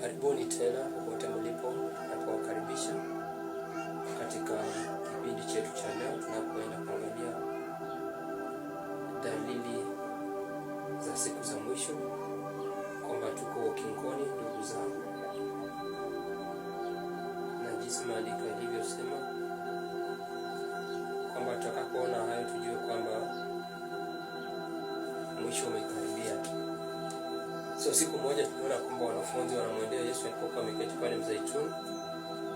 Karibuni tena popote mlipo, nakuwakaribisha katika kipindi chetu cha leo tunapoenda kuangalia dalili za siku za mwisho, kwamba tuko ukingoni, ndugu zangu, na jinsi maandiko yalivyosema kwamba tutakapoona hayo tujue kwamba mwisho umekaribia. Kristo. Siku moja tuliona kwamba wanafunzi wanamwendea Yesu alipokuwa ameketi pale mzaituni.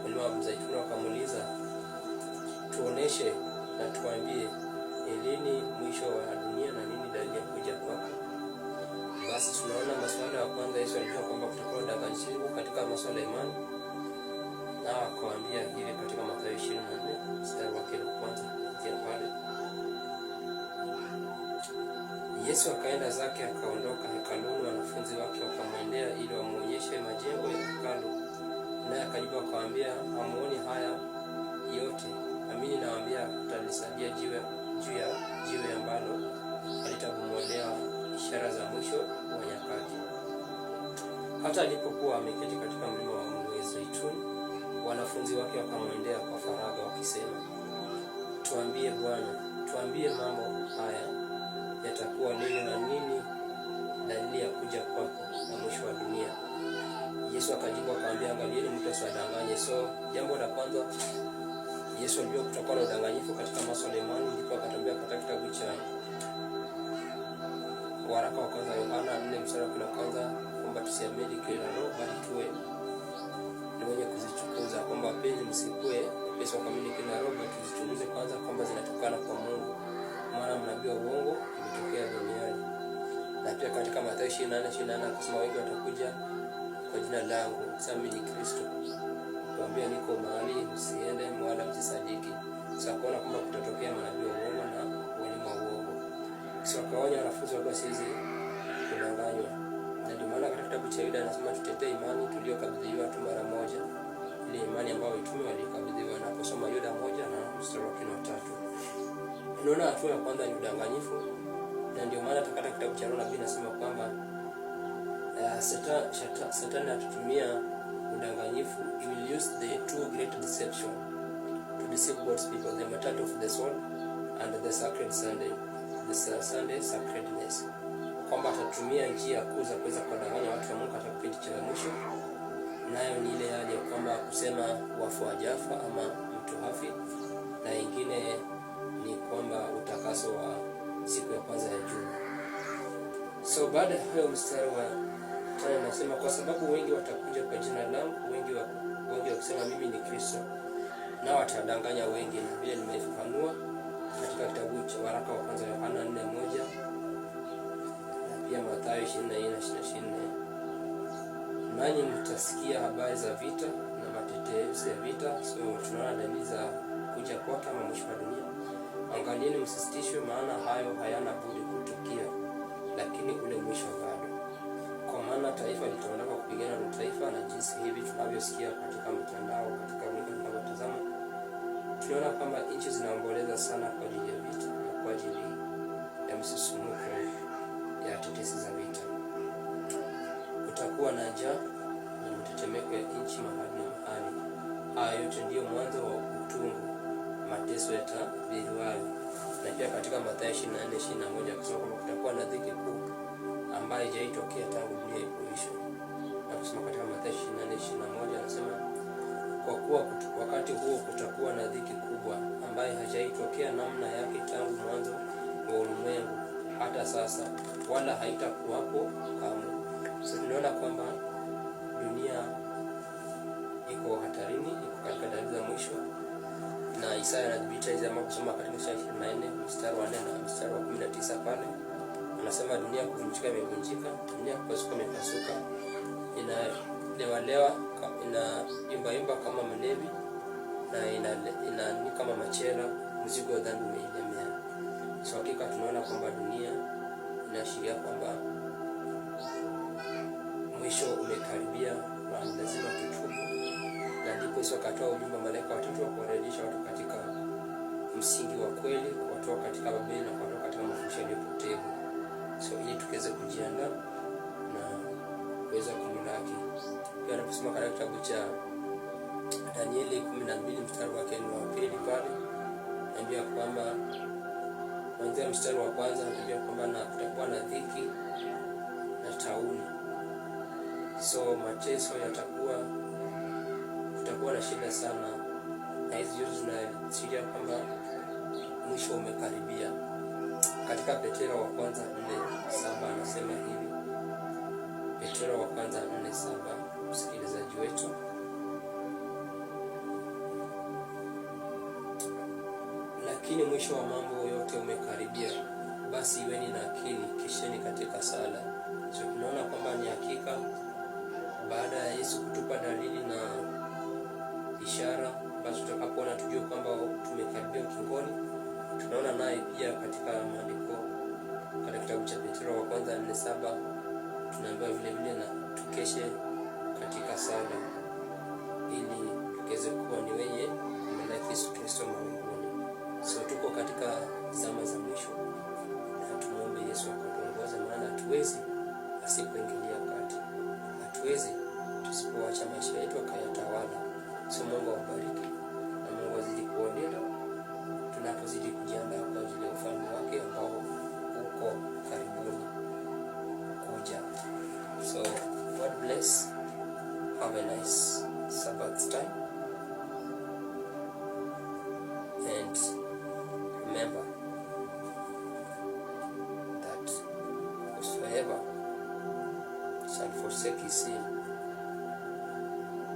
Walima mzaituni wakamuuliza, tuoneshe na tuambie, ni lini mwisho wa Yesu akaenda zake akaondoka hekaluni, wanafunzi wake wakamwendea ili wamwonyeshe majengo ya hekalu, naye akajibu akawaambia, hamuoni haya yote? Amini nawaambia, talisabia jiwe juu ya jiwe ambalo halitabomolewa. Ishara za mwisho wa nyakati. Hata alipokuwa ameketi katika mlima wa Mizeituni, wanafunzi wake wakamwendea kwa faragha wakisema, tuambie Bwana, tuambie mambo akajibu akamwambia, angalieni mtu asiwadanganye. So jambo la kwanza Yesu alijua kutakuwa na udanganyifu katika masuala ya imani, ndipo akatambia katika kitabu cha waraka wa kwanza Yohana 4 mstari wa kwanza kwamba tusiamini kila roho, bali tuwe ni wenye kuzichunguza, kwamba wapenzi, msikue wepesi kuamini kila roho, bali tuzichunguze kwanza kwamba zinatokana kwa Mungu, maana mnabii wa uongo umetokea duniani. Na pia katika Mathayo 28:28 akasema wengi watakuwa jina langu, sami ni Kristo, kuambia niko mahali, msiende wala msisadiki, Sasa kuona kwamba kutatokea manabii wa uongo na walimu wa uongo, siwakaonya wanafunzi wabwa sisi kudanganywa. Na ndio maana katika kitabu cha Yuda anasema tutetee imani tuliyokabidhiwa tu mara moja, ile imani ambayo mitume na kusoma Yuda moja na mstari wa kumi na tatu unaona hatua ya kwanza ni udanganyifu, na ndio maana takata kitabu cha Yuda nabii nasema kwamba uh, Satan, shata, Satan atatumia udanganyifu. He will use the two great deception to deceive God's people, the matter of the soul and the sacred Sunday, the Sunday sacredness, kwamba atatumia njia kuu za kuweza kuwadanganya watu wa Mungu katika kipindi cha mwisho, nayo ni ile hali ya kwamba kusema wafu wajafa ama mtu hafi, na ingine ni kwamba utakaso wa siku ya kwanza ya juma. So baada ya hayo mstari wa Mathayo anasema kwa sababu wengi watakuja kwa jina langu, wengi wa wengi wakisema mimi ni Kristo, nao watadanganya wengi. Vile nimefafanua katika kitabu cha waraka wa kwanza Yohana 4:1 na pia Mathayo 24:24. Nanyi mtasikia habari za vita na matetezo ya vita. So tunaona dalili za kuja kwake ama mwisho wa dunia. Angalieni msisitishwe, maana hayo hayana budi kutukia, lakini ule mwisho wa taifa litaondoka kupigana na taifa, na jinsi hivi tunavyosikia katika mtandao, katika wingi tunavyotazama, tunaona kwamba nchi zinaomboleza sana kwa ajili ya vita na kwa ajili ya msisimuko ya tetesi za vita. Kutakuwa na njaa na mtetemeko ya nchi mahali na mahali. Haya yote ndiyo mwanzo wa utungu, mateso yatadhihirika. Na pia katika mathaya Mathayo 24:21 kusema kwamba kutakuwa na dhiki kuu ambayo haijaitokea tangu dunia kusoma katika Mathayo 24:21 anasema, kwa kuwa wakati huo kutakuwa na dhiki kubwa ambayo hajaitokea namna yake tangu mwanzo wa ulimwengu hata sasa, wala haitakuwapo kamwe. So tunaona kwamba dunia iko hatarini, iko katika dalili za mwisho, na Isaya anadhibitisha hizi ama kusoma katika Isaya 24 mstari wa 4 na mstari wa 19 pale anasema, dunia kuvunjika imevunjika, dunia kupasuka imepasuka inalewalewa, inaimbaimba kama mlevi na inaani kama machela, mzigo wa dhambi umeilemea. So hakika tunaona kwamba dunia inaashiria kwamba mwisho umekaribia na lazima tutubu, na ndipo Yesu akatoa ujumbe malaika watatu wa kuwarejesha watu katika msingi wa kweli, kuwatoa katika Babeli na kuwatoa katika mafundisho yaliyopotea, so ili tukiweze kujiandaa kuweza kumlaki. Pia anaposema katika kitabu cha Danieli kumi na mbili mstari wake wa pili pale naambia kwamba kuanzia mstari wa kwanza naambia kwamba na kutakuwa na dhiki na tauni, so mateso yatakuwa, kutakuwa na shida sana, na hizi zote zinaashiria kwamba mwisho umekaribia. Katika Petero wa kwanza nne saba anasema hivi mshale wa kwanza nane saba, msikilizaji wetu lakini mwisho wa mambo yote umekaribia, basi iweni na akili, kisheni katika sala. So tunaona kwamba ni hakika, baada ya Yesu kutupa dalili na ishara basi tutakapoona tujue kwamba tumekaribia ukingoni, tunaona naye pia katika maandiko katika kitabu cha Petro wa kwanza nne saba tunaambiwa vile na tukeshe katika sala ili tukeze kuwa ni wenye kumlaki Yesu Kristo mawinguni. So tuko katika zama za mwisho, na tumwombe Yesu akutuongoze, maana hatuwezi asipoingilia kati, hatuwezi tusipoacha maisha yetu akayatawala. So Mungu awabariki na Mungu azidi kuonea tunapozidi kujama have a nice Sabbath time. And remember that whatsoever shall forsake his sin,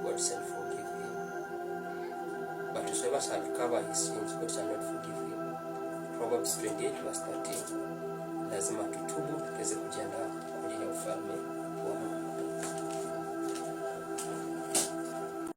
God shall forgive him. But whosoever shall cover his sins, God shall not forgive him. Proverbs 28 verse 13. Lazima tutubu tuweze kujiandaa kwa ajili ya ufalme.